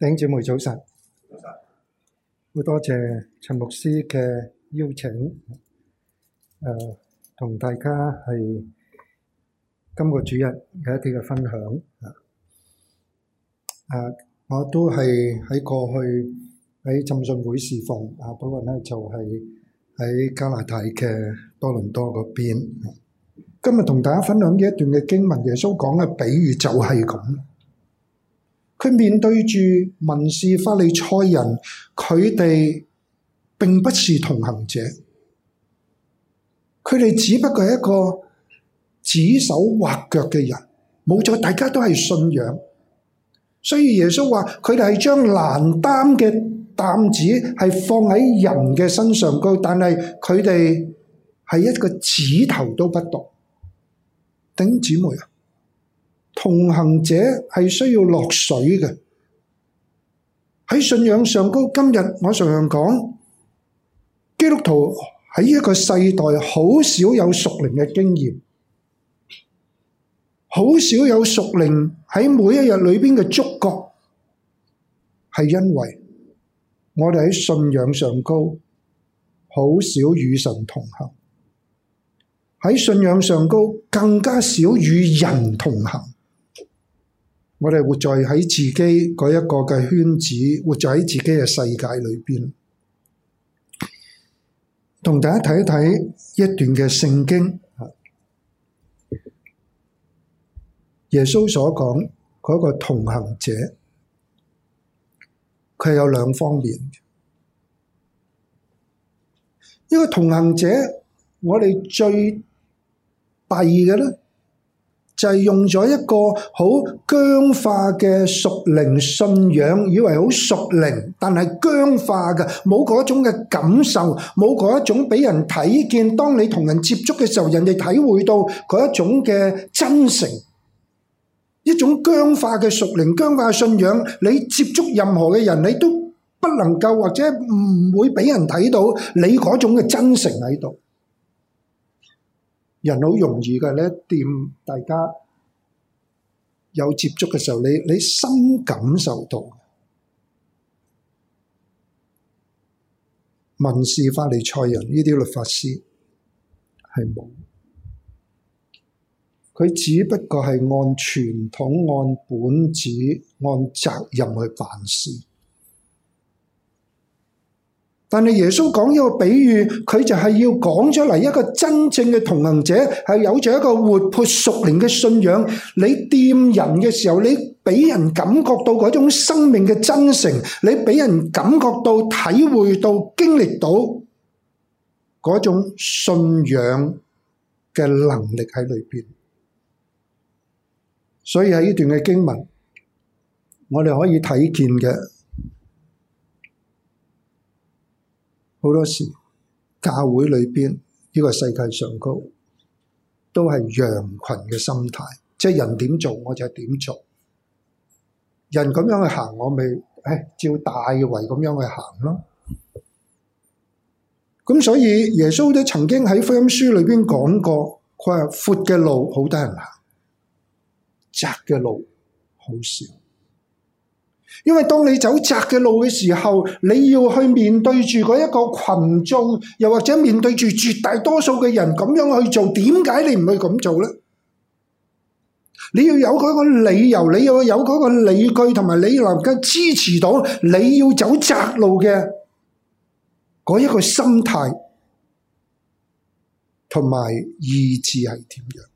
弟兄姊妹早晨，好多謝陳牧師嘅邀請，誒，同大家係今個主日有一啲嘅分享啊！誒，我都係喺過去喺浸信會事奉啊，不過咧就係喺加拿大嘅多倫多嗰邊。今日同大家分享呢一段嘅經文，耶穌講嘅比喻就係咁。佢面對住文士、法利賽人，佢哋並不是同行者，佢哋只不過係一個指手畫腳嘅人。冇錯，大家都係信仰，所以耶穌話：佢哋係將難擔嘅擔子係放喺人嘅身上高，但係佢哋係一個指頭都不動。頂姊妹啊！同行者係需要落水嘅，喺信仰上高。今日我常常講，基督徒喺一個世代好少有屬靈嘅經驗，好少有屬靈喺每一日裏邊嘅觸覺，係因為我哋喺信仰上高，好少與神同行；喺信仰上高，更加少與人同行。我哋活在喺自己嗰一個嘅圈子，活在喺自己嘅世界裏面。同大家睇一睇一段嘅聖經，耶穌所講嗰個同行者，佢有兩方面。一個同行者，我哋最弊嘅咧，就係用咗一個好僵化嘅屬靈信仰，以為好屬靈，但係僵化嘅，冇嗰一種嘅感受，冇嗰一種俾人睇見。當你同人接觸嘅時候，人哋體會到嗰一種嘅真誠，一種僵化嘅屬靈、僵化嘅信仰。你接觸任何嘅人，你都不能夠或者唔會俾人睇到你嗰種嘅真誠喺度。人好容易嘅咧，掂大家有接觸嘅時候，你你深感受到文士法利賽人呢啲律法師係冇，佢只不過係按傳統、按本子、按責任去辦事。但係耶穌講一個比喻，佢就係要講出嚟一個真正嘅同行者，係有著一個活潑熟靈嘅信仰。你掂人嘅時候，你俾人感覺到嗰種生命嘅真誠，你俾人感覺到、體會到、經歷到嗰種信仰嘅能力喺裏邊。所以喺呢段嘅經文，我哋可以睇見嘅。好多時教會裏邊呢個世界上高都係羊群嘅心態，即係人點做我就點做，人咁樣去行我咪照大圍咁樣去行咯。咁所以耶穌都曾經喺福音書裏邊講過，佢話闊嘅路好多人行，窄嘅路好少。因為當你走窄嘅路嘅時候，你要去面對住嗰一個群眾，又或者面對住絕大多數嘅人咁樣去做，點解你唔去咁做呢？你要有嗰個理由，你要有嗰個理據同埋你能夠支持到你要走窄路嘅嗰一個心態同埋意志係點樣？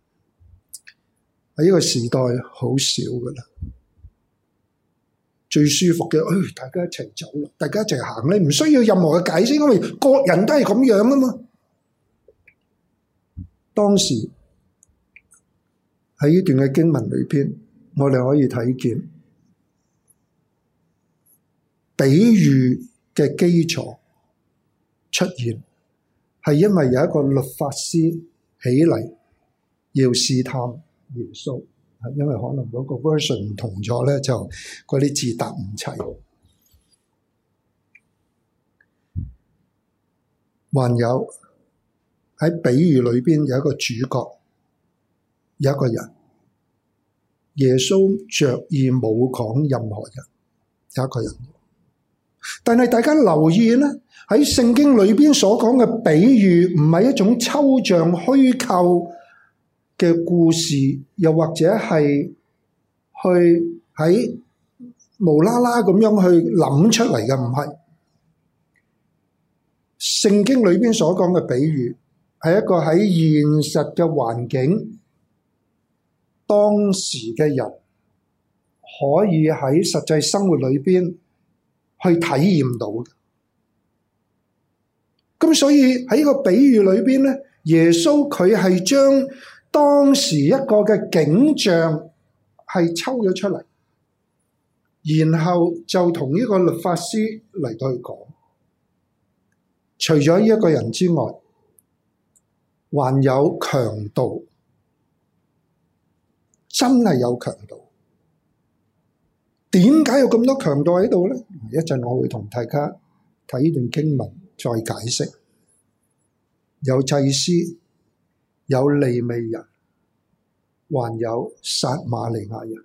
喺呢個時代好少噶啦。最舒服嘅，唉、哎！大家一齊走咯，大家一齊行咧，唔需要任何嘅解釋，因為個人都係咁樣啊嘛。當時喺呢段嘅經文裏邊，我哋可以睇見比喻嘅基礎出現，係因為有一個律法師起嚟，要試探耶穌。因為可能嗰個 version 唔同咗咧，就嗰啲字答唔齊。還有喺比喻裏邊有一個主角，有一個人，耶穌着意冇講任何人，有一個人。但係大家留意咧，喺聖經裏邊所講嘅比喻，唔係一種抽象虛構。嘅故事，又或者係去喺無啦啦咁樣去諗出嚟嘅，唔係聖經裏邊所講嘅比喻，係一個喺現實嘅環境，當時嘅人可以喺實際生活裏邊去體驗到嘅。咁所以喺呢個比喻裏邊咧，耶穌佢係將。當時一個嘅景象係抽咗出嚟，然後就同呢個律法師嚟到去講。除咗呢一個人之外，還有強盜，真係有強盜。點解有咁多強盜喺度咧？一陣我會同大家睇呢段經文再解釋。有祭司。有利未人，還有撒瑪利亞人。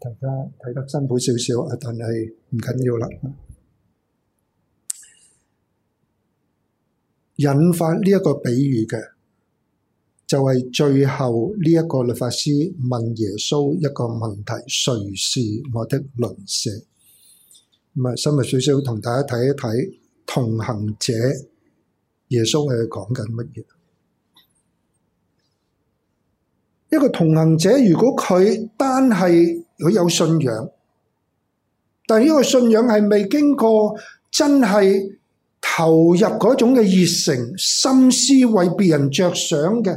大家睇得辛苦少少，但係唔緊要啦。引發呢一個比喻嘅，就係最後呢一個律法師問耶穌一個問題：誰是我的鄰舍？咁啊，深入少少同大家睇一睇同行者耶穌係講緊乜嘢？一個同行者，如果佢單係佢有信仰，但係呢個信仰係未經過真係投入嗰種嘅熱誠、心思為別人着想嘅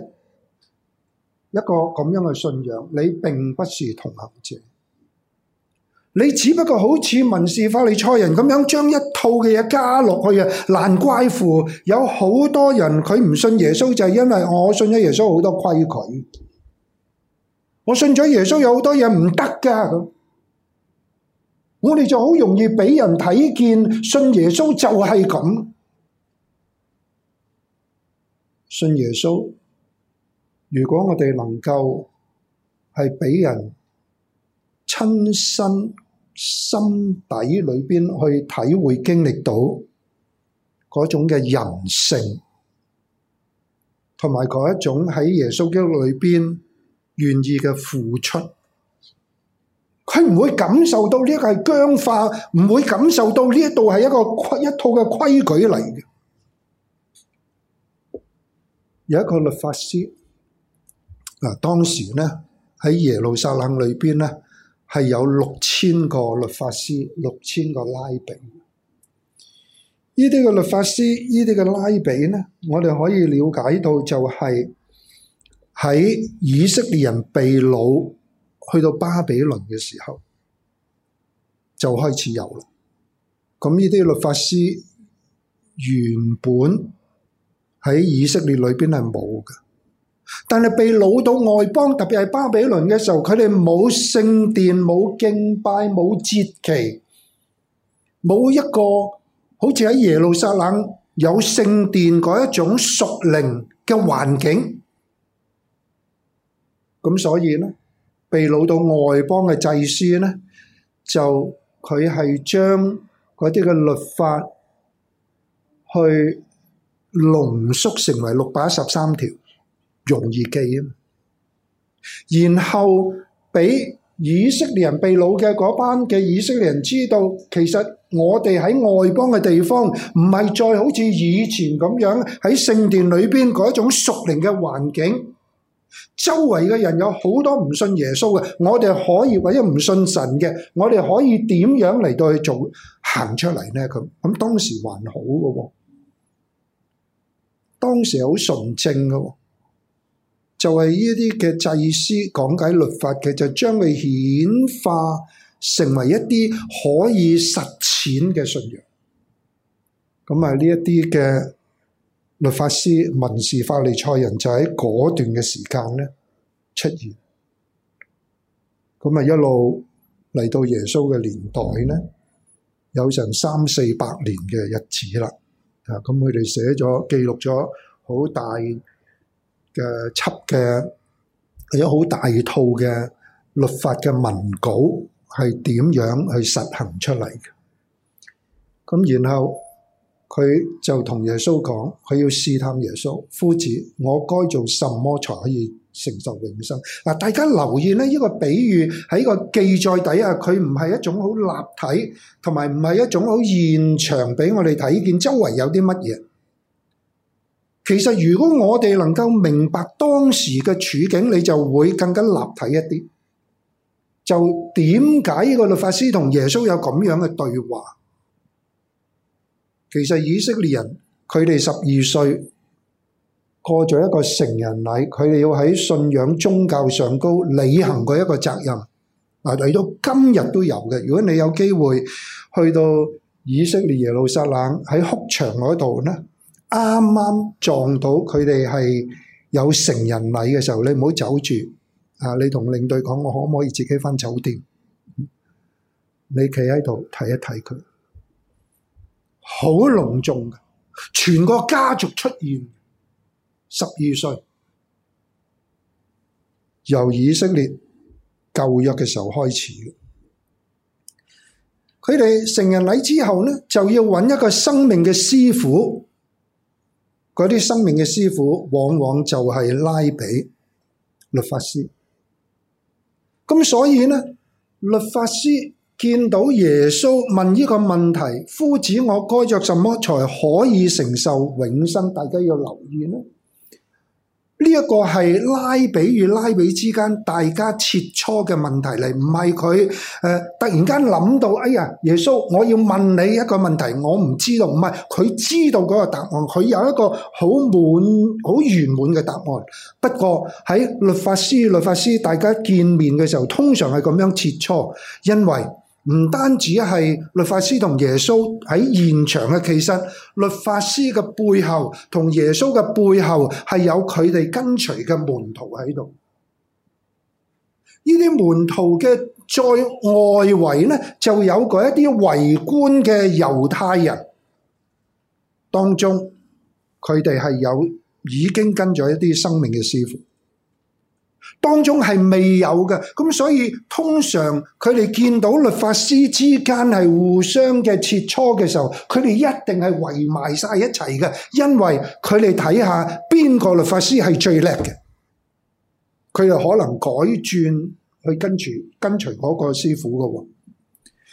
一個咁樣嘅信仰，你並不是同行者。你只不過好似文士法利賽人咁樣，將一套嘅嘢加落去啊！難怪乎有好多人佢唔信耶穌，就係因為我信咗耶穌好多規矩。我信咗耶穌有好多嘢唔得㗎，我哋就好容易俾人睇見。信耶穌就係咁。信耶穌，如果我哋能夠係俾人親身心底裏邊去體會經歷到嗰種嘅人性，同埋嗰一種喺耶穌基督裏邊。願意嘅付出，佢唔會感受到呢一個係僵化，唔會感受到呢一度係一個一套嘅規矩嚟嘅。有一個律法師啊，當時咧喺耶路撒冷裏邊咧，係有六千個律法師，六千個拉比。呢啲嘅律法師，呢啲嘅拉比咧，我哋可以了解到就係、是。喺以色列人被擄去到巴比倫嘅時候，就開始有啦。咁呢啲律法師原本喺以色列裏邊係冇㗎，但係被擄到外邦，特別係巴比倫嘅時候，佢哋冇聖殿、冇敬拜、冇節期，冇一個好似喺耶路撒冷有聖殿嗰一種屬靈嘅環境。咁所以咧，被擄到外邦嘅祭司咧，就佢係將嗰啲嘅律法去濃縮成為六百一十三條，容易記。然後俾以色列人被擄嘅嗰班嘅以色列人知道，其實我哋喺外邦嘅地方，唔係再好似以前咁樣喺聖殿裏邊嗰一種屬靈嘅環境。周圍嘅人有好多唔信耶穌嘅，我哋可以或者唔信神嘅，我哋可以點樣嚟到去做行出嚟呢？佢咁當時還好嘅，當時好純正嘅，就係呢一啲嘅祭司講解律法嘅，就將佢顯化成為一啲可以實踐嘅信仰。咁啊呢一啲嘅。律法師、文士、法利賽人，就喺嗰段嘅時間咧出現，咁啊一路嚟到耶穌嘅年代咧，有成三四百年嘅日子啦，啊咁佢哋寫咗記錄咗好大嘅輯嘅，有好大套嘅律法嘅文稿係點樣去實行出嚟嘅，咁然後。佢就同耶穌講：佢要試探耶穌，夫子，我該做什麼才可以承受永生？嗱，大家留意咧，呢個比喻喺個記載底下，佢唔係一種好立體，同埋唔係一種好現場俾我哋睇見周圍有啲乜嘢。其實如果我哋能夠明白當時嘅處境，你就會更加立體一啲。就點解呢個律法師同耶穌有咁樣嘅對話？其實以色列人佢哋十二歲過咗一個成人禮，佢哋要喺信仰宗教上高履行過一個責任。啊，嚟到今日都有嘅。如果你有機會去到以色列耶路撒冷喺哭牆嗰度咧，啱啱撞到佢哋係有成人禮嘅時候，你唔好走住啊！你同領隊講，我可唔可以自己返酒店？你企喺度睇一睇佢。好隆重嘅，全個家族出現，十二歲由以色列舊約嘅時候開始嘅。佢哋成人禮之後咧，就要揾一個生命嘅師傅。嗰啲生命嘅師傅，往往就係拉比律法師。咁所以咧，律法師。見到耶穌問呢個問題，夫子，我該着什麼才可以承受永生？大家要留意呢。呢一個係拉比與拉比之間大家切磋嘅問題嚟，唔係佢誒突然間諗到，哎呀耶穌，我要問你一個問題，我唔知道，唔係佢知道嗰個答案，佢有一個好滿好圓滿嘅答案。不過喺律法師、律法師大家見面嘅時候，通常係咁樣切磋，因為。唔單止係律法師同耶穌喺現場嘅，其實律法師嘅背後同耶穌嘅背後係有佢哋跟隨嘅門徒喺度。呢啲門徒嘅再外圍咧，就有嗰一啲圍觀嘅猶太人，當中佢哋係有已經跟咗一啲生命嘅師傅。當中係未有嘅，咁所以通常佢哋見到律法師之間係互相嘅切磋嘅時候，佢哋一定係圍埋晒一齊嘅，因為佢哋睇下邊個律法師係最叻嘅，佢就可能改轉去跟住跟隨嗰個師傅㗎喎。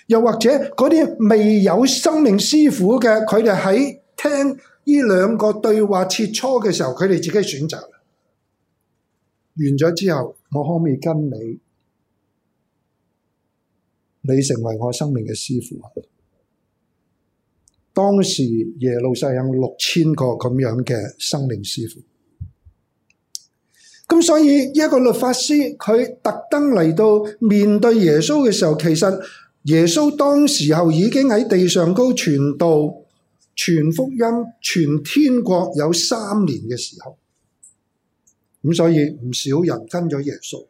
又或者嗰啲未有生命師傅嘅，佢哋喺聽呢兩個對話切磋嘅時候，佢哋自己選擇。完咗之後，我可唔可以跟你？你成為我生命嘅師傅。當時耶路撒冷有六千個咁樣嘅生命師傅，咁所以一個律法師佢特登嚟到面對耶穌嘅時候，其實耶穌當時候已經喺地上高傳道、傳福音、傳天國有三年嘅時候。咁所以唔少人跟咗耶穌，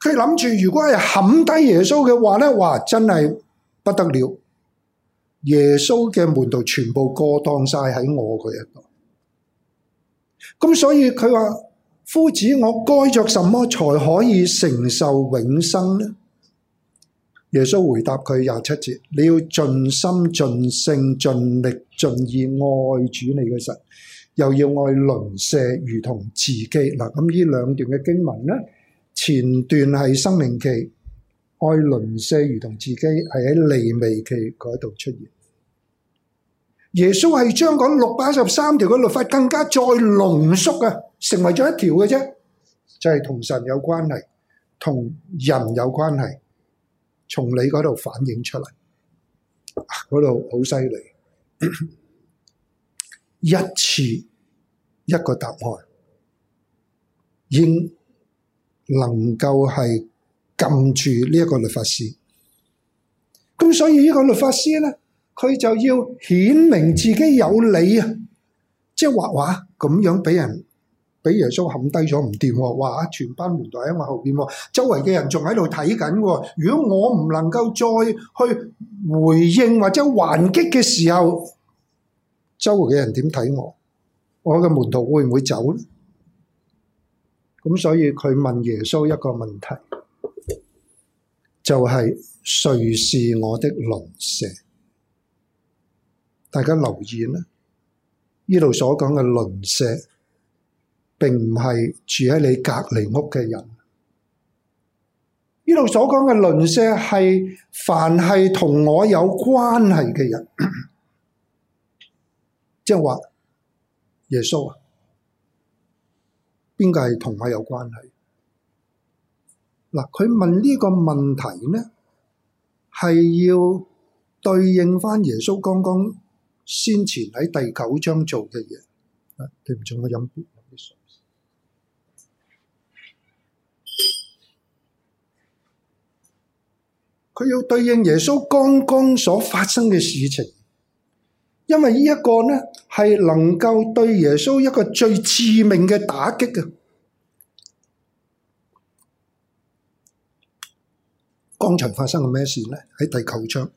佢諗住如果係冚低耶穌嘅話呢哇，真係不得了！耶穌嘅門徒全部過檔晒喺我嗰一度。咁所以佢話，夫子，我該着什麼才可以承受永生呢？耶穌回答佢廿七節，你要盡心、盡性、盡力、盡意愛主你嘅神。又要愛鄰舍如同自己嗱，咁呢兩段嘅經文咧，前段係申命記，愛鄰舍如同自己係喺利未記嗰度出現。耶穌係將嗰六百一十三條嘅律法更加再濃縮啊，成為咗一條嘅啫，就係同神有關係，同人有關係，從你嗰度反映出嚟，嗰度好犀利。一次一個答案，應能夠係撳住呢一個律法師。咁所以呢個律法師咧，佢就要顯明自己有理啊！即係畫畫咁樣俾人俾耶穌冚低咗唔掂喎，哇！全班門徒喺我後邊，周圍嘅人仲喺度睇緊。如果我唔能夠再去回應或者還擊嘅時候，周圍嘅人點睇我？我嘅門徒會唔會走咧？咁所以佢問耶穌一個問題，就係誰是我的鄰舍？大家留意啦，呢度所講嘅鄰舍，並唔係住喺你隔離屋嘅人。呢度所講嘅鄰舍係凡係同我有關係嘅人。即係話耶穌啊，邊個係同佢有關係？嗱，佢問呢個問題咧，係要對應翻耶穌剛剛先前喺第九章做嘅嘢。啊，對唔住我飲杯水。佢要對應耶穌剛剛所發生嘅事情。因為呢一個呢係能夠對耶穌一個最致命嘅打擊啊，剛才發生嘅咩事呢？喺第九章，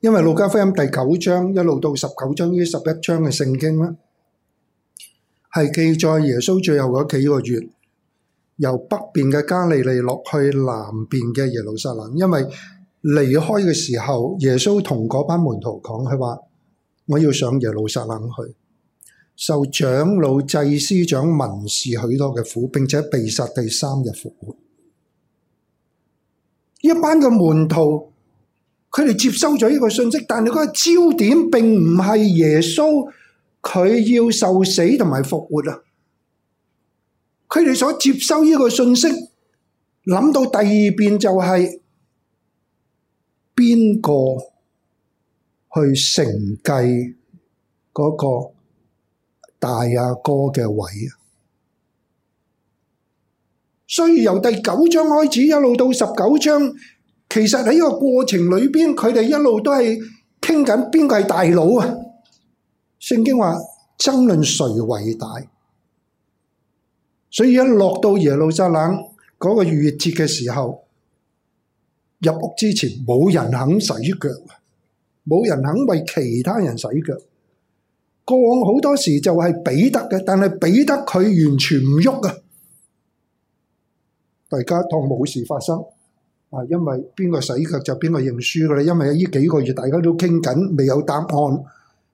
因為路加福音第九章一路到十九章，呢十一章嘅聖經呢，係記載耶穌最後嗰幾個月，由北邊嘅加利利落去南邊嘅耶路撒冷，因為。離開嘅時候，耶穌同嗰班門徒講：佢話我要上耶路撒冷去，受長老、祭司長、文士許多嘅苦，並且被殺，第三日復活。一班嘅門徒，佢哋接收咗呢個信息，但係嗰個焦點並唔係耶穌，佢要受死同埋復活啊！佢哋所接收呢個信息，諗到第二遍就係、是。邊個去承繼嗰個大阿哥嘅位啊？所以由第九章開始一路到十九章，其實喺個過程裏邊，佢哋一路都係傾緊邊個係大佬啊？聖經話爭論誰為大，所以一落到耶路撒冷嗰個逾越節嘅時候。入屋之前冇人肯洗腳，冇人肯為其他人洗腳。過往好多時就係彼得嘅，但係彼得佢完全唔喐啊！大家當冇事發生啊，因為邊個洗腳就邊個認輸噶啦。因為呢幾個月大家都傾緊，未有答案，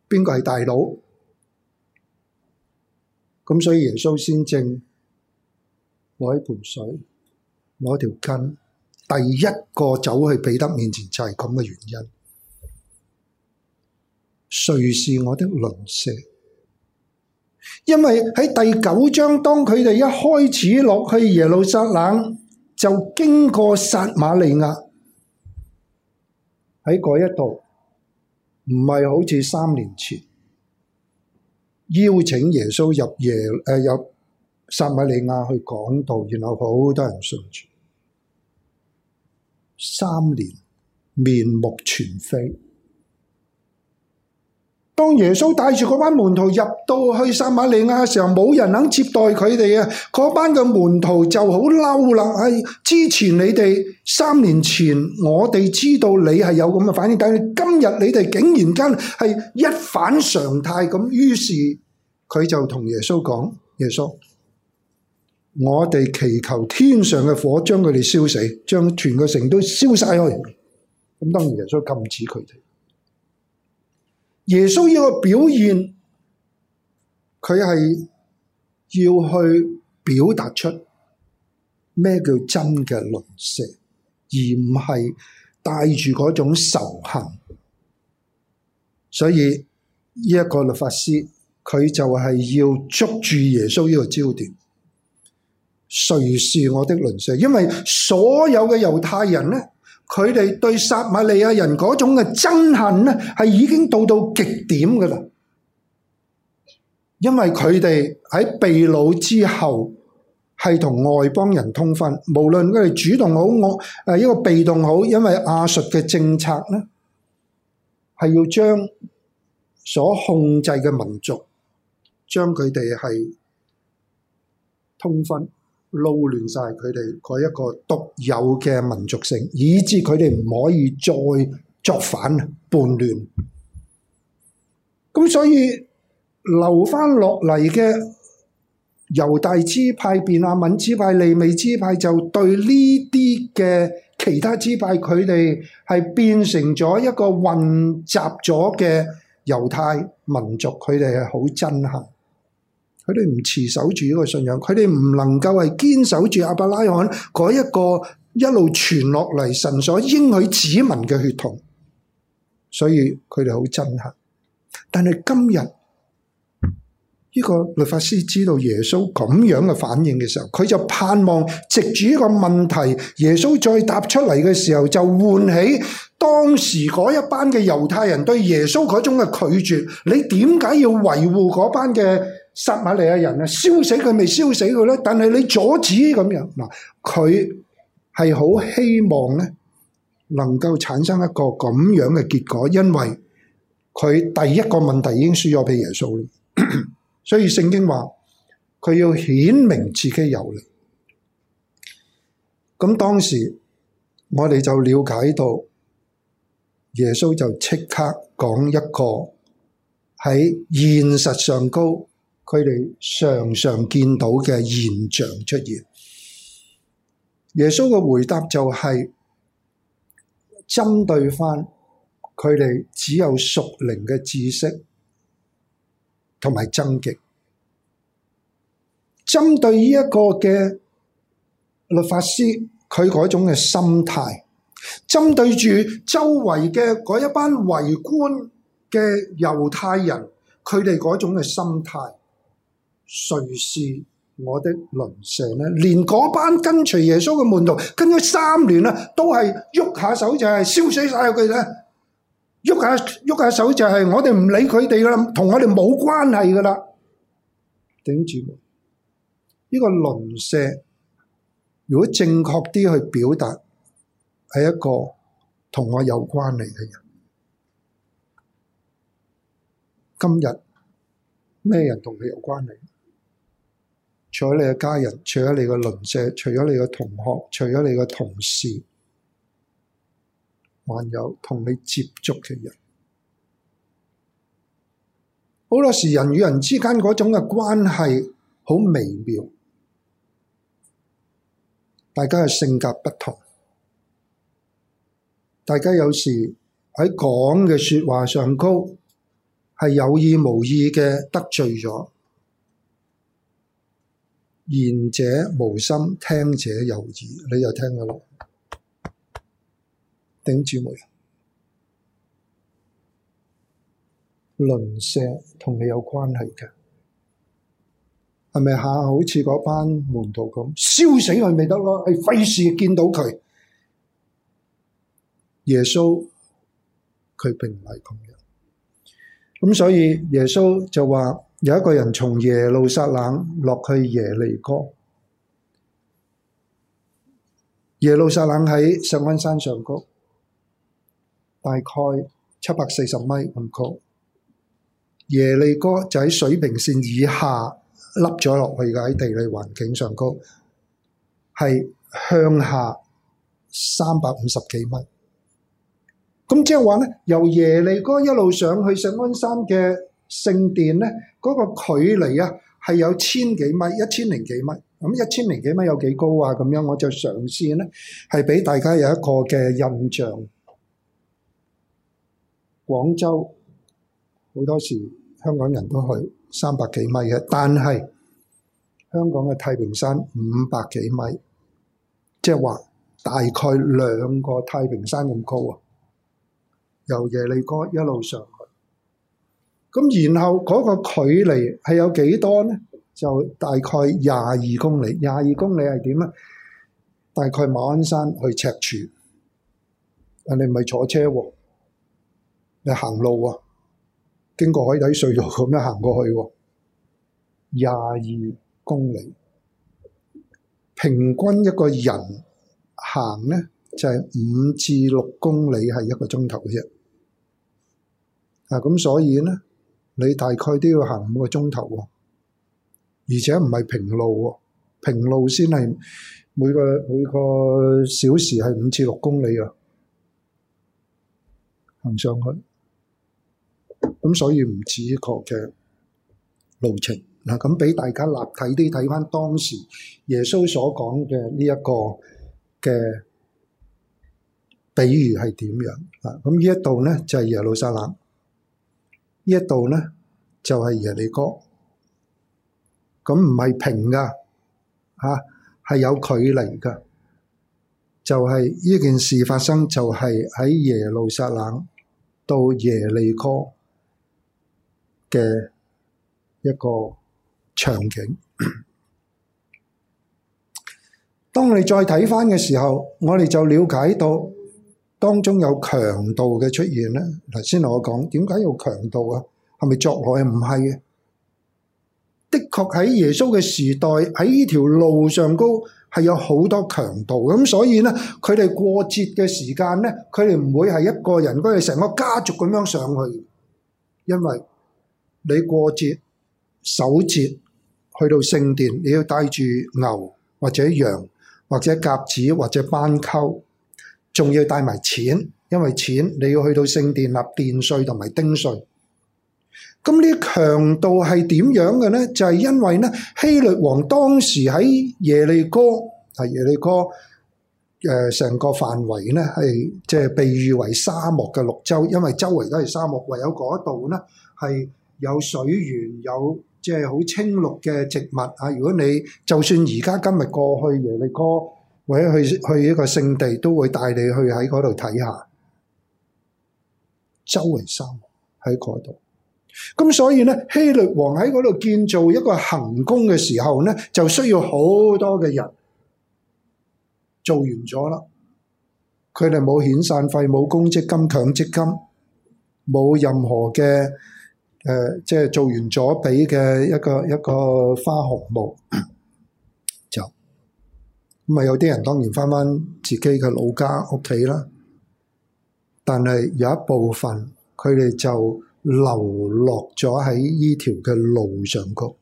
邊個係大佬？咁所以耶穌先正攞一盆水，攞條巾。第一個走去彼得面前就係咁嘅原因。誰是我的鄰舍？因為喺第九章，當佢哋一開始落去耶路撒冷，就經過撒瑪利亞，喺嗰一度唔係好似三年前邀請耶穌入耶誒、啊、入撒瑪利亞去講道，然後好多人信住。三年面目全非。當耶穌帶住嗰班門徒入到去撒瑪利亞嘅時候，冇人肯接待佢哋啊！嗰班嘅門徒就好嬲啦，係、哎、之前你哋三年前我哋知道你係有咁嘅反應，但係今日你哋竟然間係一反常態咁，於是佢就同耶穌講：耶穌。我哋祈求天上嘅火將佢哋燒死，將全個城都燒晒去。咁當然耶穌禁止佢哋。耶穌呢個表現，佢係要去表達出咩叫真嘅律法，而唔係帶住嗰種仇恨。所以呢一個律法師，佢就係要捉住耶穌呢個焦點。誰是我的鄰舍？因為所有嘅猶太人呢，佢哋對撒瑪利亞人嗰種嘅憎恨呢，係已經到到極點噶啦。因為佢哋喺被擄之後，係同外邦人通婚，無論佢哋主動好，我、呃、誒一個被動好，因為亞述嘅政策呢，係要將所控制嘅民族，將佢哋係通婚。撈亂晒佢哋佢一個獨有嘅民族性，以致佢哋唔可以再作反叛亂。咁所以留翻落嚟嘅猶大支派、便雅憫支派、利未支派，就對呢啲嘅其他支派，佢哋係變成咗一個混雜咗嘅猶太民族，佢哋係好憎恨。佢哋唔持守住呢個信仰，佢哋唔能夠係堅守住亞伯拉罕嗰一個一路傳落嚟神所應許子民嘅血統，所以佢哋好憎恨。但係今日呢、這個律法師知道耶穌咁樣嘅反應嘅時候，佢就盼望藉住呢個問題，耶穌再答出嚟嘅時候，就喚起當時嗰一班嘅猶太人對耶穌嗰種嘅拒絕。你點解要維護嗰班嘅？撒瑪利亞人啊，燒死佢未燒死佢咯？但係你阻止咁樣嗱，佢係好希望咧，能夠產生一個咁樣嘅結果，因為佢第一個問題已經輸咗俾耶穌，所以聖經話佢要顯明自己有力。咁當時我哋就了解到，耶穌就即刻講一個喺現實上高。佢哋常常見到嘅現象出現，耶穌嘅回答就係針對翻佢哋只有屬靈嘅知識同埋增極，針對呢一個嘅律法師，佢嗰種嘅心態，針對住周圍嘅嗰一班圍觀嘅猶太人，佢哋嗰種嘅心態。誰是我的鄰舍呢？連嗰班跟隨耶穌嘅門徒跟咗三年啦，都係喐下手就係、是、燒死晒佢啦，喐下喐下手就係我哋唔理佢哋啦，同我哋冇關係噶啦。頂住！呢、這個鄰舍如果正確啲去表達，係一個同我有關係嘅人。今日咩人同佢有關係？除咗你嘅家人，除咗你嘅鄰舍，除咗你嘅同學，除咗你嘅同事，還有同你接觸嘅人，好多時人與人之間嗰種嘅關係好微妙，大家嘅性格不同，大家有時喺講嘅說話上高，係有意無意嘅得罪咗。言者無心，聽者有意。你又聽咗啦？頂住門，鄰舍同你有關係嘅係咪？吓，好似嗰班門徒咁，燒死佢咪得咯？你費事見到佢。耶穌佢並唔係咁樣。咁所以耶穌就話。有一個人從耶路撒冷落去耶利哥，耶路撒冷喺錫安山上高，大概七百四十米咁高，耶利哥就喺水平線以下，凹咗落去嘅，喺地理環境上高，係向下三百五十幾米，咁即係話咧，由耶利哥一路上去錫安山嘅。聖殿咧，嗰個距離啊，係有千幾米，一千零幾米。咁一千零幾米有幾高啊？咁樣我就嘗試咧，係俾大家有一個嘅印象。廣州好多時香港人都去，三百幾米嘅，但係香港嘅太平山五百幾米，即係話大概兩個太平山咁高啊。由耶利哥一路上。咁然後嗰個距離係有幾多咧？就大概廿二公里。廿二公里係點咧？大概馬鞍山去赤柱，但係你唔係坐車喎，你行路啊，經過海底隧道咁樣行過去喎，廿二公里。平均一個人行咧，就係五至六公里係一個鐘頭嘅啫。啊，咁所以咧。你大概都要行五個鐘頭喎，而且唔係平路喎，平路先係每個每個小時係五至六公里啊，行上去，咁所以唔止呢個嘅路程。嗱，咁俾大家立體啲睇翻當時耶穌所講嘅呢一個嘅比喻係點樣啊？咁呢一度咧就係耶路撒冷。呢一度咧就係、是、耶利哥，咁唔係平噶，嚇、啊、係有距離噶，就係、是、呢件事發生就係喺耶路撒冷到耶利哥嘅一個場景。 當你再睇翻嘅時候，我哋就了解到。當中有強盜嘅出現咧，頭先同我講，點解要強盜啊？係咪作孽？唔係嘅，的確喺耶穌嘅時代喺呢條路上高係有好多強盜。咁所以咧佢哋過節嘅時間咧，佢哋唔會係一個人，佢哋成個家族咁樣上去，因為你過節守節去到聖殿，你要帶住牛或者羊或者鴿子或者斑鳩。仲要帶埋錢，因為錢你要去到聖殿納電稅同埋丁稅。咁呢強盜係點樣嘅咧？就係、是、因為咧，希律王當時喺耶利哥係耶利哥誒成、呃、個範圍咧，係即係被譽為沙漠嘅綠洲，因為周圍都係沙漠，唯有嗰度咧係有水源，有即係好青綠嘅植物啊！如果你就算而家今日過去耶利哥。或者去去一個聖地，都會帶你去喺嗰度睇下周圍山喺嗰度。咁所以咧，希律王喺嗰度建造一個行宮嘅時候咧，就需要好多嘅人做完咗啦。佢哋冇遣散費，冇公積金、強積金，冇任何嘅誒，即係做完咗俾嘅一個一個花紅帽。咁啊，有啲人當然翻翻自己嘅老家屋企啦，但係有一部分佢哋就流落咗喺呢條嘅路上高。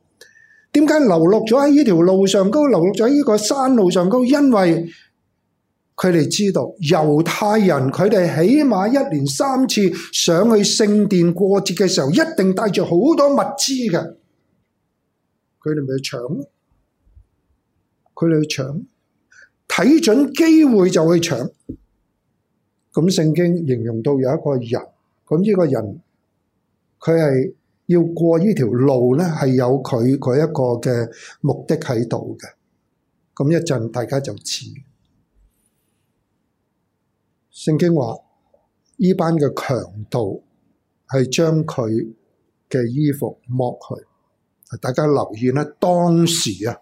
點解流落咗喺呢條路上高？流落咗喺呢個山路上高？因為佢哋知道猶太人佢哋起碼一年三次上去聖殿過節嘅時候，一定帶住好多物資嘅。佢哋咪去搶，佢哋去搶。睇準機會就去搶，咁聖經形容到有一個人，咁呢個人佢係要過呢條路咧，係有佢佢一個嘅目的喺度嘅。咁一陣大家就知，聖經話呢班嘅強盜係將佢嘅衣服剝去，大家留意咧，當時啊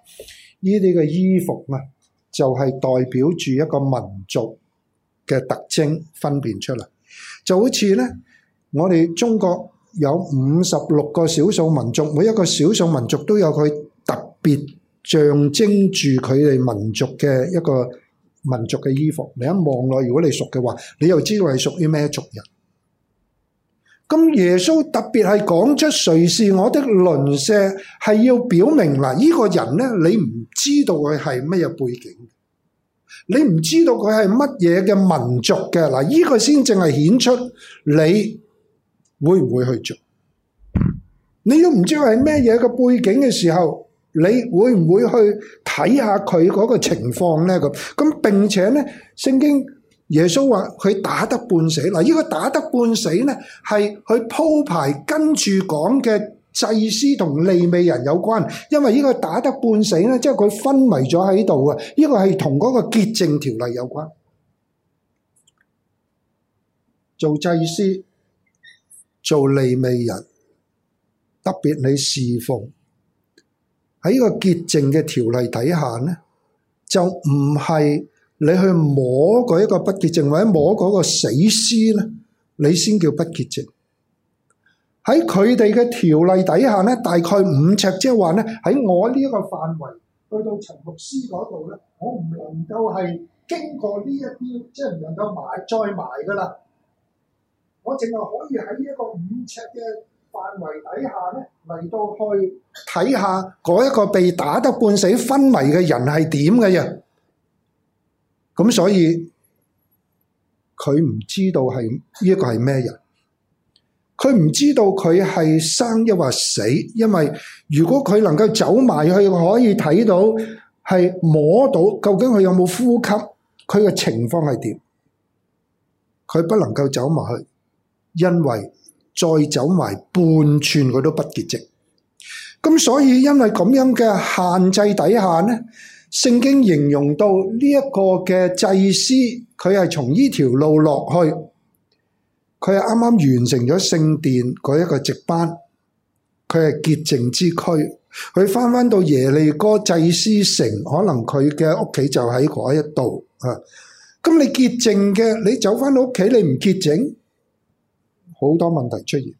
呢啲嘅衣服啊，就係代表住一個民族嘅特徵，分辨出嚟，就好似呢，我哋中國有五十六個少數民族，每一個少數民族都有佢特別象徵住佢哋民族嘅一個民族嘅衣服。你一望落，如果你熟嘅話，你又知道係屬於咩族人。咁耶穌特別係講出誰是我的鄰舍，係要表明嗱，呢個人呢，你唔～知道佢係乜嘢背景，你唔知道佢係乜嘢嘅民族嘅。嗱呢個先正係顯出你會唔會去做？你都唔知係咩嘢嘅背景嘅時候，你會唔會去睇下佢嗰個情況呢？咁咁並且呢，聖經耶穌話佢打得半死，嗱，呢個打得半死呢，係佢鋪排跟住講嘅。祭司同利未人有關，因為呢個打得半死咧，即係佢昏迷咗喺度啊！呢個係同嗰個潔淨條例有關。做祭司、做利未人，特別你侍奉喺呢個潔淨嘅條例底下咧，就唔係你去摸嗰一個不潔淨，或者摸嗰個死屍咧，你先叫不潔淨。.喺佢哋嘅條例底下咧，大概五尺，即係話咧，喺我呢一個範圍去到陳牧師嗰度咧，我唔能夠係經過呢一邊，即係唔能夠埋再埋㗎喇。我淨係可以喺呢一個五尺嘅範圍底下咧，嚟到去睇下嗰一個被打得半死昏迷嘅人係點嘅人。咁所以佢唔知道係呢一個係咩人。佢唔知道佢係生抑或死，因為如果佢能夠走埋去，可以睇到係摸到，究竟佢有冇呼吸，佢嘅情況係點？佢不能夠走埋去，因為再走埋半寸佢都不潔淨。咁所以因為咁樣嘅限制底下咧，聖經形容到呢一個嘅祭司，佢係從呢條路落去。佢係啱啱完成咗聖殿嗰一個值班，佢係潔淨之區。佢翻翻到耶利哥祭司城，可能佢嘅屋企就喺嗰一度啊。咁你潔淨嘅，你走翻到屋企你唔潔淨？好多問題出現。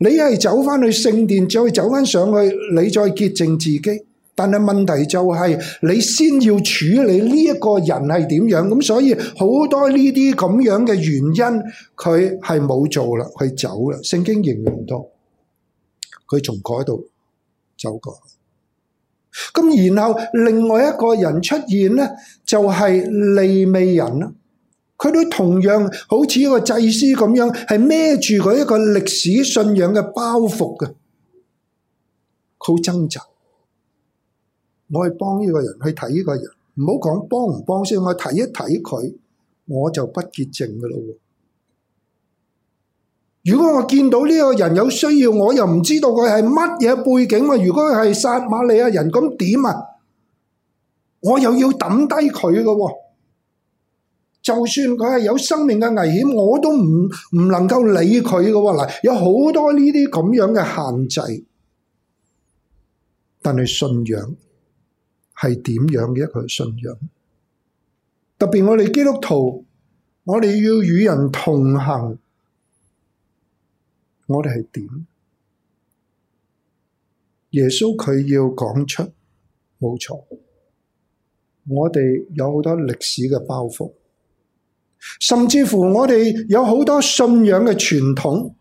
你係走翻去聖殿，再走翻上去，你再潔淨自己。但係問題就係、是，你先要處理呢一個人係點樣，咁所以好多呢啲咁樣嘅原因，佢係冇做啦，佢走啦。聖經形容到，佢從嗰度走過。咁然後另外一個人出現呢，就係、是、利未人啦。佢都同樣好似一個祭司咁樣，係孭住佢一個歷史信仰嘅包袱嘅，好掙扎。我去幫呢個人去睇呢個人，唔好講幫唔幫先，我睇一睇佢，我就不潔淨噶啦。如果我見到呢個人有需要，我又唔知道佢係乜嘢背景啊，我如果係撒瑪利亞人，咁點啊？我又要抌低佢噶，就算佢係有生命嘅危險，我都唔唔能夠理佢噶喎。嗱，有好多呢啲咁樣嘅限制，但係信仰。係點樣嘅一個信仰？特別我哋基督徒，我哋要與人同行，我哋係點？耶穌佢要講出，冇錯。我哋有好多歷史嘅包袱，甚至乎我哋有好多信仰嘅傳統。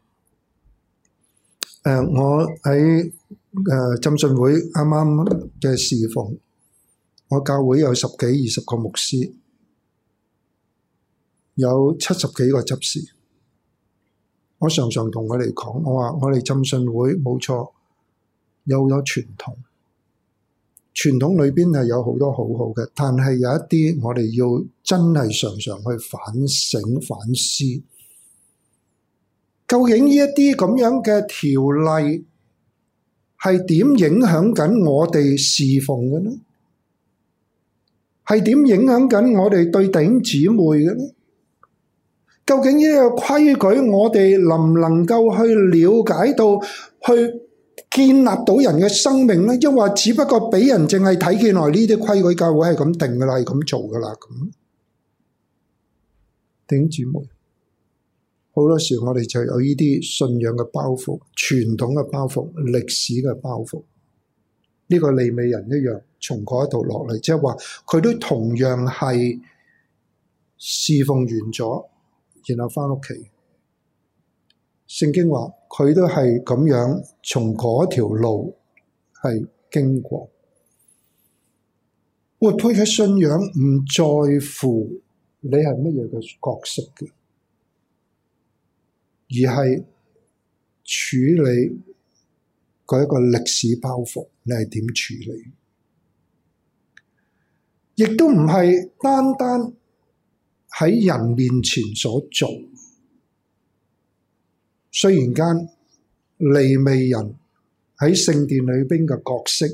誒、呃，我喺誒浸信會啱啱嘅侍奉。我教會有十幾、二十個牧師，有七十幾個執事。我常常同佢哋講：我話我哋浸信會冇錯，有好多傳統，傳統裏邊係有好多好好嘅，但係有一啲我哋要真係常常去反省反思。究竟呢一啲咁樣嘅條例係點影響緊我哋侍奉嘅呢？係點影響緊我哋對弟兄姊妹嘅咧？究竟呢個規矩我哋能唔能夠去了解到，去建立到人嘅生命咧？抑或只不過俾人淨係睇見來呢啲規矩，教會係咁定噶啦，係咁做噶啦咁。弟兄姊妹，好多時我哋就有呢啲信仰嘅包袱、傳統嘅包袱、歷史嘅包袱。呢個利未人一樣，從嗰一度落嚟，即係話佢都同樣係侍奉完咗，然後翻屋企。聖經話佢都係咁樣，從嗰條路係經過。我佢嘅信仰唔在乎你係乜嘢嘅角色嘅，而係處理。佢一個歷史包袱，你係點處理？亦都唔係單單喺人面前所做。雖然間利未人喺聖殿裏邊嘅角色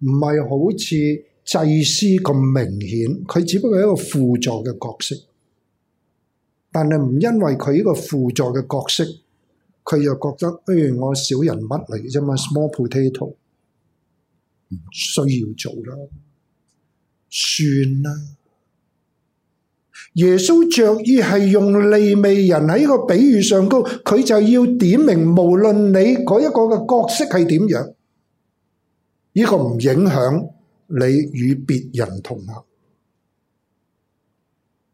唔係好似祭司咁明顯，佢只不過係一個輔助嘅角色。但係唔因為佢呢個輔助嘅角色。佢又覺得，哎，我小人物嚟嘅啫嘛，small potato，唔需要做啦，算啦。耶穌着意係用利未人喺個比喻上高，佢就要點明，無論你嗰一個嘅角色係點樣，呢個唔影響你與別人同行。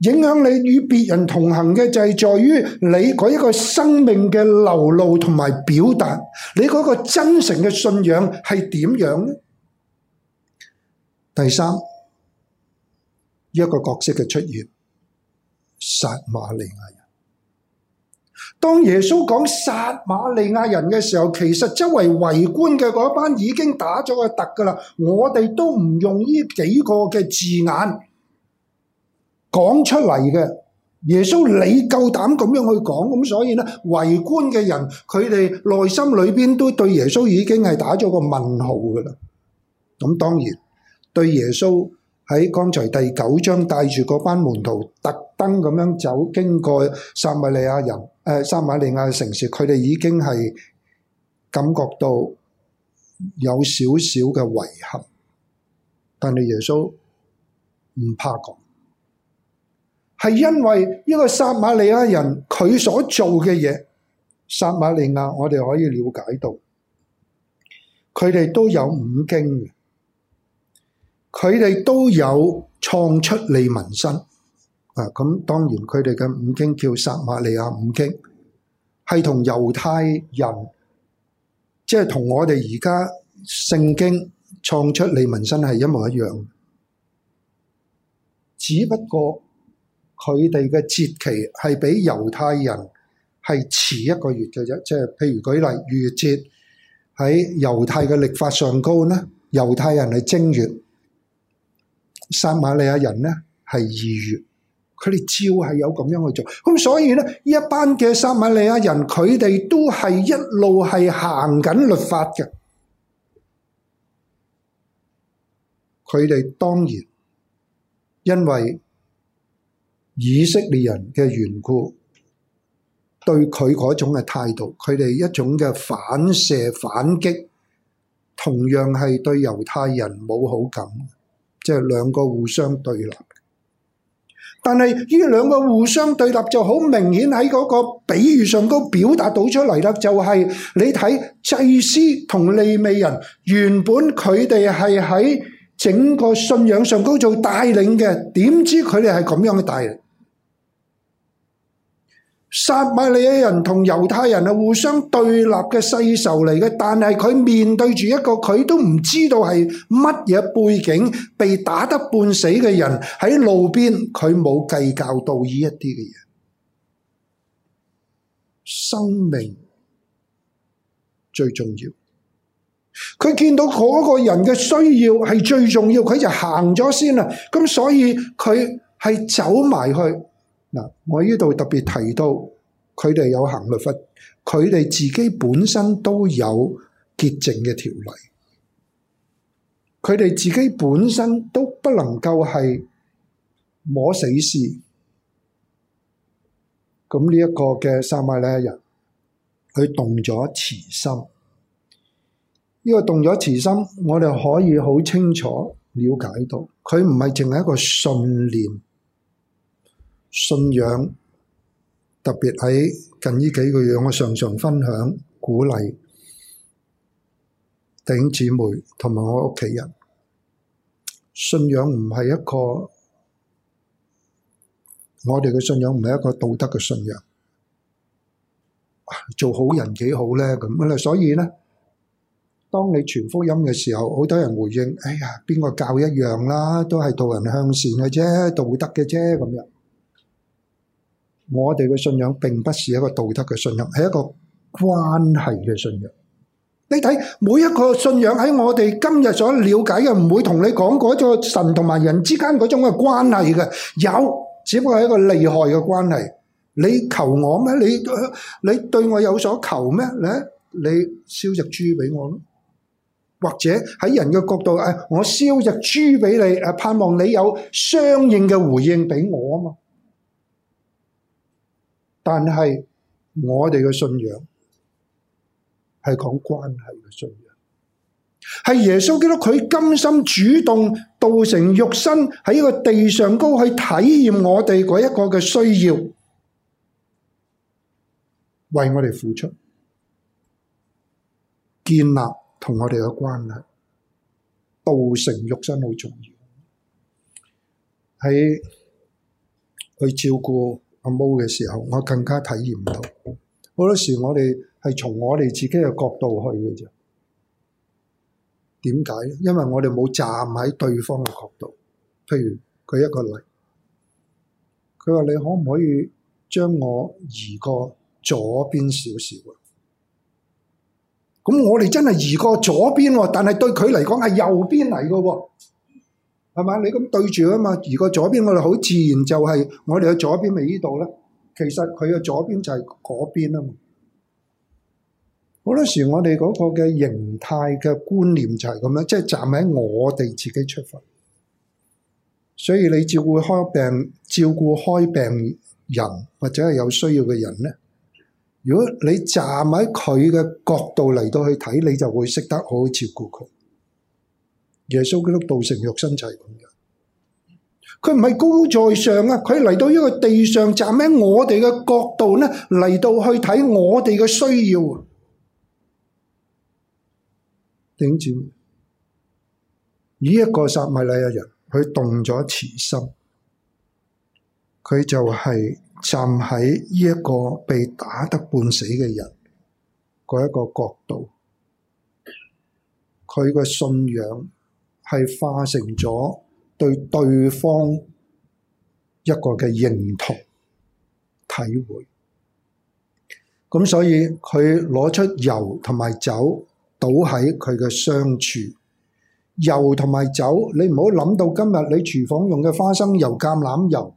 影響你與別人同行嘅，就係在於你嗰一個生命嘅流露同埋表達，你嗰個真誠嘅信仰係點樣呢？第三，一個角色嘅出現，撒瑪利亞人。當耶穌講撒瑪利亞人嘅時候，其實周圍圍觀嘅嗰班已經打咗個突㗎喇，我哋都唔用呢幾個嘅字眼。講出嚟嘅耶穌，你夠膽咁樣去講，咁所以咧，圍觀嘅人佢哋內心裏邊都對耶穌已經係打咗個問號噶啦。咁當然對耶穌喺剛才第九章帶住嗰班門徒特登咁樣走經過撒瑪利亞人誒、呃，撒瑪利亞嘅城市，佢哋已經係感覺到有少少嘅遺憾，但係耶穌唔怕講。係因為一個撒瑪利亞人佢所做嘅嘢，撒瑪利亞我哋可以了解到，佢哋都有五經嘅，佢哋都有創出利民申。啊，咁當然佢哋嘅五經叫撒瑪利亞五經，係同猶太人，即係同我哋而家聖經創出利民申係一模一樣，只不過。佢哋嘅節期係比猶太人係遲一個月嘅啫，即、就、係、是、譬如舉例，逾節喺猶太嘅歷法上高呢，猶太人係正月，撒瑪利亞人呢係二月，佢哋照係有咁樣去做。咁所以咧，一班嘅撒瑪利亞人，佢哋都係一路係行緊律法嘅，佢哋當然因為。以色列人嘅緣故，對佢嗰種嘅態度，佢哋一種嘅反射反擊，同樣係對猶太人冇好感，即係兩個互相對立。但係呢兩個互相對立就好明顯喺嗰個比喻上高表達到出嚟啦，就係你睇祭司同利未人，原本佢哋係喺整個信仰上高做帶領嘅，點知佢哋係咁樣嘅帶領。撒瑪利亞人同猶太人係互相對立嘅世仇嚟嘅，但係佢面對住一個佢都唔知道係乜嘢背景被打得半死嘅人喺路邊，佢冇計較到呢一啲嘅嘢，生命最重要。佢見到嗰個人嘅需要係最重要，佢就行咗先啦。咁所以佢係走埋去。嗱，我呢度特別提到佢哋有行律法，佢哋自己本身都有潔淨嘅條例，佢哋自己本身都不能夠係摸死屍。咁呢一個嘅撒瑪利亞人，佢動咗慈心。呢、這個動咗慈心，我哋可以好清楚了解到，佢唔係淨係一個信念。信仰特別喺近呢幾個月，我常常分享、鼓勵弟兄姊妹同埋我屋企人。信仰唔係一個我哋嘅信仰唔係一個道德嘅信仰，做好人幾好咧咁啦。所以咧，當你傳福音嘅時候，好多人回應：哎呀，邊個教一樣啦？都係道人向善嘅啫，道德嘅啫咁樣。我哋嘅信仰並不是一個道德嘅信仰，係一個關係嘅信仰。你睇每一個信仰喺我哋今日所了解嘅，唔會同你講嗰個神同埋人之間嗰種嘅關係嘅，有只不過係一個利害嘅關係。你求我咩？你你對我有所求咩？咧你燒隻豬俾我咯，或者喺人嘅角度誒，我燒隻豬俾你誒，盼望你有相應嘅回應俾我啊嘛。但係我哋嘅信仰係講關係嘅信仰，係耶穌基督佢甘心主動道成肉身喺呢個地上高去體驗我哋嗰一個嘅需要，為我哋付出，建立同我哋嘅關係。道成肉身好重要，係去照顧。阿毛嘅時候，我更加體驗到好多時，我哋係從我哋自己嘅角度去嘅啫。點解咧？因為我哋冇站喺對方嘅角度。譬如舉一個例，佢話：你可唔可以將我移過左邊少少啊？咁我哋真係移過左邊喎，但係對佢嚟講係右邊嚟噶喎。係咪？你咁對住啊嘛？如果左邊我哋好自然就係我哋嘅左邊，咪呢度啦。其實佢嘅左邊就係嗰邊啊嘛。好多時我哋嗰個嘅形態嘅觀念就係咁樣，即係站喺我哋自己出發。所以你照顧開病，照顧開病人或者係有需要嘅人咧，如果你站喺佢嘅角度嚟到去睇，你就會識得好好照顧佢。耶穌基督道成肉身齊咁樣，佢唔係高高在上啊，佢嚟到呢個地上站喺我哋嘅角度咧，嚟到去睇我哋嘅需要。頂住呢一個撒瑪利亞人，佢動咗慈心，佢就係站喺呢一個被打得半死嘅人嗰一個角度，佢嘅信仰。係化成咗對對方一個嘅認同體會，咁所以佢攞出油同埋酒倒喺佢嘅傷處。油同埋酒，你唔好諗到今日你廚房用嘅花生油、橄欖油，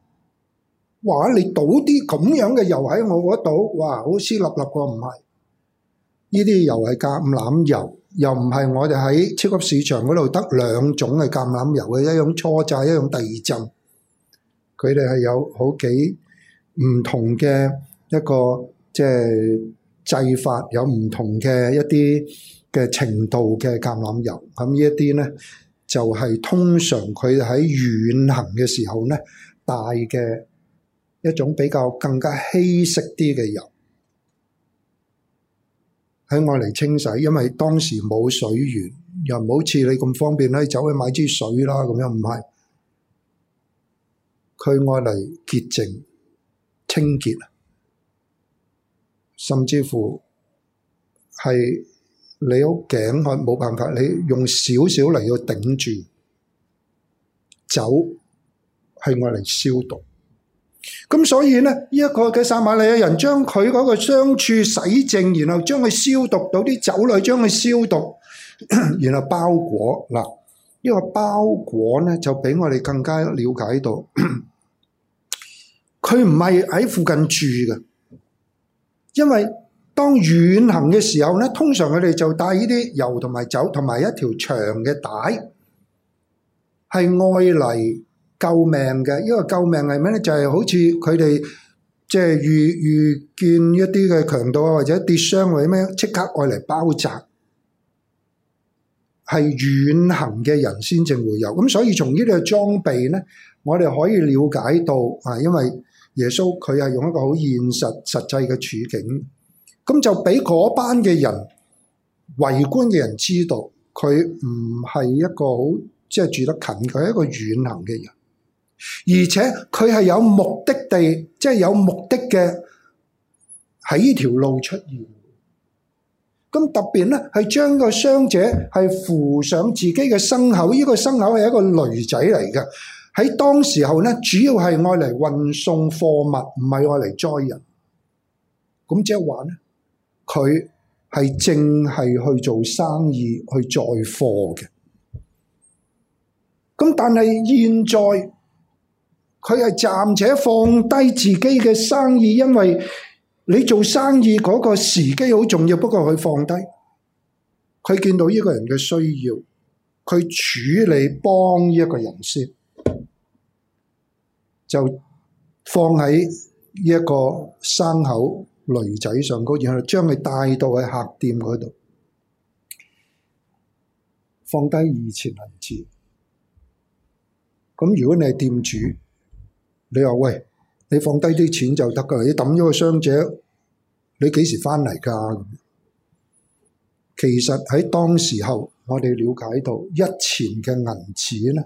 哇！你倒啲咁樣嘅油喺我嗰度，哇，好黐立立，個唔係。呢啲油係橄欖油，又唔係我哋喺超級市場嗰度得兩種嘅橄欖油嘅，一種初榨，一種第二浸。佢哋係有好幾唔同嘅一個即係製法，有唔同嘅一啲嘅程度嘅橄欖油。咁呢一啲咧，就係通常佢喺遠行嘅時候咧，帶嘅一種比較更加稀釋啲嘅油。係愛嚟清洗，因為當時冇水源，又唔好似你咁方便咧，走去買支水啦咁樣，唔係，佢愛嚟潔淨、清潔，甚至乎係你屋頸去冇辦法，你用少少嚟去頂住酒，係愛嚟消毒。咁所以咧，呢一個嘅撒瑪利亞人將佢嗰個傷處洗淨，然後將佢消毒到啲酒類，將佢消毒，然後包裹嗱。呢個包裹咧就俾我哋更加了解到，佢唔係喺附近住嘅，因為當遠行嘅時候咧，通常佢哋就帶呢啲油同埋酒同埋一條長嘅帶，係外嚟。救命嘅，呢個救命係咩咧？就係、是、好似佢哋即係遇遇見一啲嘅強盜啊，或者跌傷或者咩，即刻愛嚟包紮。係遠行嘅人先至會有，咁所以從呢個裝備咧，我哋可以了解到啊，因為耶穌佢係用一個好現實實際嘅處境，咁就俾嗰班嘅人圍觀嘅人知道，佢唔係一個好即係住得近，佢係一個遠行嘅人。而且佢係有目的地，即係有目的嘅，喺呢條路出現。咁特別呢，係將個傷者係扶上自己嘅牲口，呢個牲口係一個驢仔嚟嘅。喺當時候呢，主要係愛嚟運送貨物，唔係愛嚟載人。咁即係話呢，佢係淨係去做生意去載貨嘅。咁但係現在。佢係暫且放低自己嘅生意，因為你做生意嗰個時機好重要。不過佢放低，佢見到呢個人嘅需要，佢處理幫呢一個人先，就放喺呢一個牲口驢仔上高，然後將佢帶到去客店嗰度，放低二千銀紙。咁如果你係店主。你話喂，你放低啲錢就得噶，你抌咗個傷者，你幾時翻嚟噶？其實喺當時候，我哋了解到一錢嘅銀紙咧，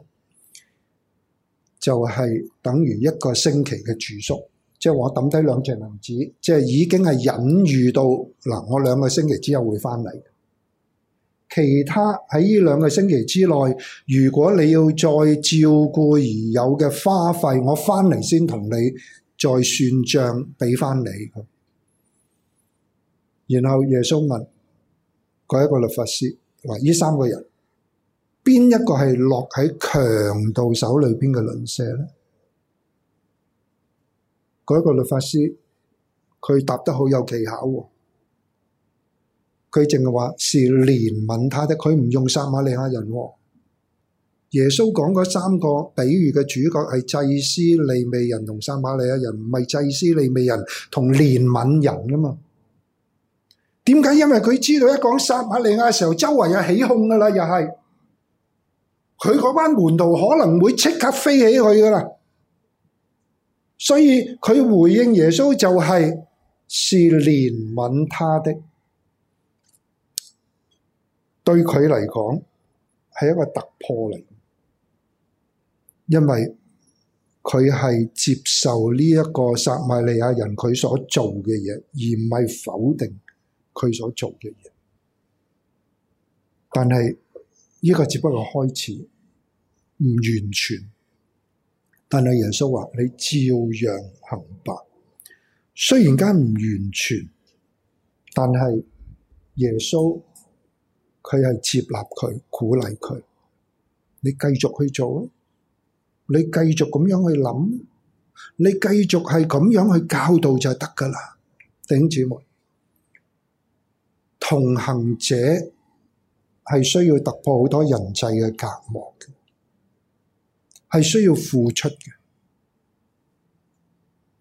就係、是、等於一個星期嘅住宿，即係我抌低兩隻銀紙，即係已經係隱喻到嗱，我兩個星期之後會翻嚟。其他喺呢兩個星期之內，如果你要再照顧而有嘅花費，我翻嚟先同你再算賬，俾翻你。然後耶穌問：嗰一個律法師，嗱，呢三個人邊一個係落喺強盜手裏邊嘅鄰舍咧？嗰一個律法師佢答得好有技巧喎。佢淨係話是憐憫他的，佢唔用撒瑪利亞人喎。耶穌講嗰三個比喻嘅主角係祭司、利未人同撒瑪利亞人，唔係祭司、利未人同憐憫人啊嘛？點解？因為佢知道一講撒瑪利亞嘅時候，周圍有起哄噶啦，又係佢嗰班門徒可能會即刻飛起去噶啦，所以佢回應耶穌就係是憐憫他的。對佢嚟講係一個突破嚟，因為佢係接受呢一個撒瑪利亞人佢所做嘅嘢，而唔係否定佢所做嘅嘢。但係呢個只不過開始，唔完全。但係耶穌話，你照樣行白，雖然間唔完全，但係耶穌。佢係接納佢，鼓勵佢，你繼續去做咯，你繼續咁樣去諗，你繼續係咁樣去教導就得㗎喇，弟兄姊妹，同行者係需要突破好多人際嘅隔膜嘅，係需要付出嘅。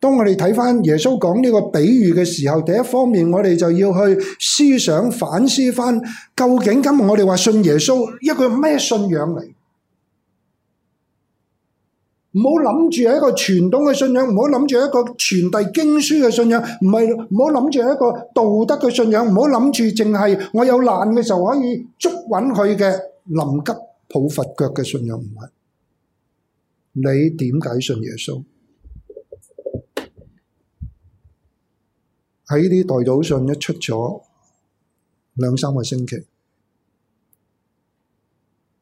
當我哋睇翻耶穌講呢個比喻嘅時候，第一方面我哋就要去思想反思翻，究竟今日我哋話信耶穌一個係咩信仰嚟？唔好諗住係一個傳統嘅信仰，唔好諗住係一個傳遞經書嘅信仰，唔係。唔好諗住係一個道德嘅信仰，唔好諗住淨係我有難嘅時候可以捉穩佢嘅臨急抱佛腳嘅信仰，唔係。你點解信耶穌？喺啲代禱信一出咗兩三個星期，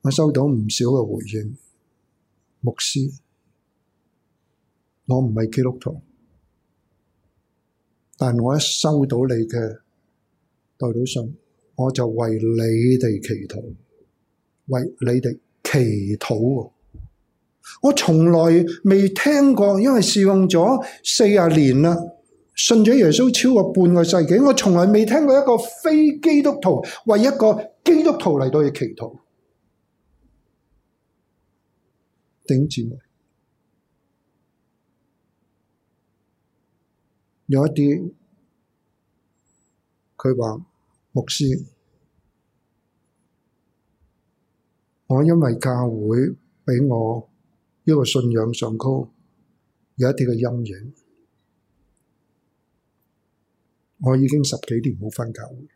我收到唔少嘅回應。牧師，我唔係基督徒，但我一收到你嘅代禱信，我就為你哋祈禱，為你哋祈禱。我從來未聽過，因為侍奉咗四十年啦。信咗耶穌超過半個世紀，我從來未聽過一個非基督徒為一個基督徒嚟到嘅祈禱，頂住，有一啲，佢話，牧師，我因為教會畀我呢個信仰上高有一啲嘅陰影。我已經十幾年冇返教會，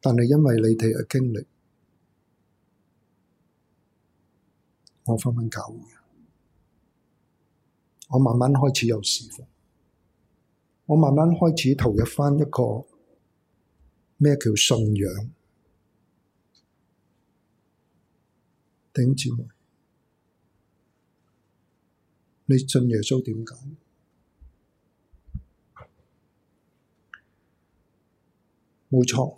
但係因為你哋嘅經歷，我返返教會，我慢慢開始有事奉，我慢慢開始投入返一個咩叫信仰？弟兄姊妹，你信耶穌點解？冇錯，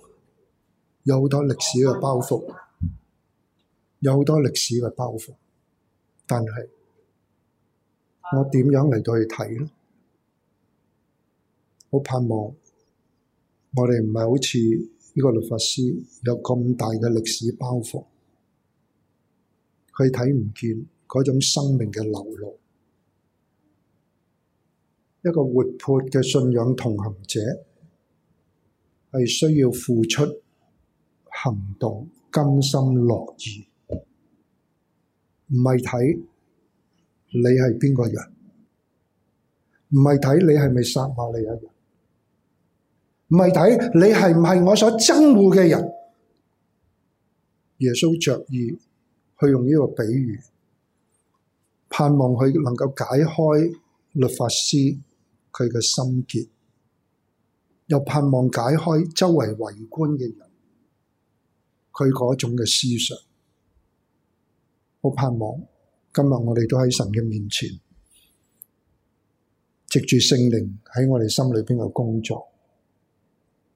有好多歷史嘅包袱，有好多歷史嘅包袱。但係我點樣嚟到去睇呢？好盼望我哋唔係好似呢個律法師有咁大嘅歷史包袱，佢睇唔見嗰種生命嘅流露。一個活潑嘅信仰同行者。係需要付出行動、甘心樂意，唔係睇你係邊個人，唔係睇你係咪撒馬利亞人，唔係睇你係唔係我所憎惡嘅人。耶穌着意去用呢個比喻，盼望佢能夠解開律法師佢嘅心結。又盼望解開周圍圍觀嘅人，佢嗰種嘅思想。好盼望今日我哋都喺神嘅面前，藉住聖靈喺我哋心裏邊嘅工作，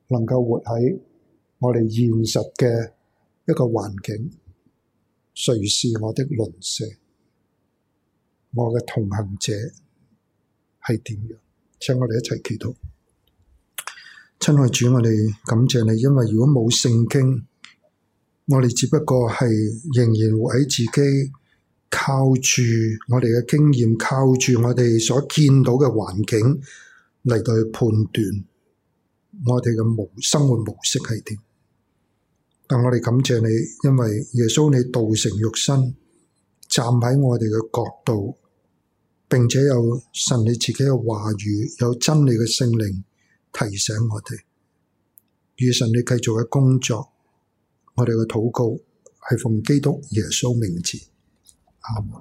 能夠活喺我哋現實嘅一個環境。誰是我的鄰舍？我嘅同行者係點樣？請我哋一齊祈禱。親愛主，我哋感謝你，因為如果冇聖經，我哋只不過係仍然會喺自己，靠住我哋嘅經驗，靠住我哋所見到嘅環境嚟到判斷我哋嘅模生活模式係點。但我哋感謝你，因為耶穌你道成肉身，站喺我哋嘅角度，並且有神你自己嘅話語，有真理嘅聖靈。提醒我哋，與神你繼續嘅工作，我哋嘅禱告係奉基督耶穌名字。阿門。